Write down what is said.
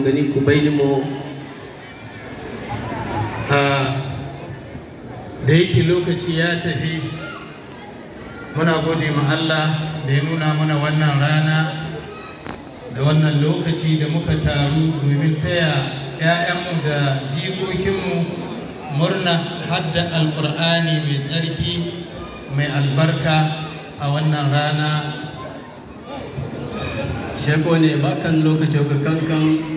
gani kubaili mu da yake lokaci ya tafi muna gode ma Allah da ya nuna mana wannan rana da wannan lokaci da muka taru domin taya 'ya'yanmu da jikokinmu murna hadda alkur'ani mai tsarki mai albarka a wannan rana shekone bakan lokaci kankan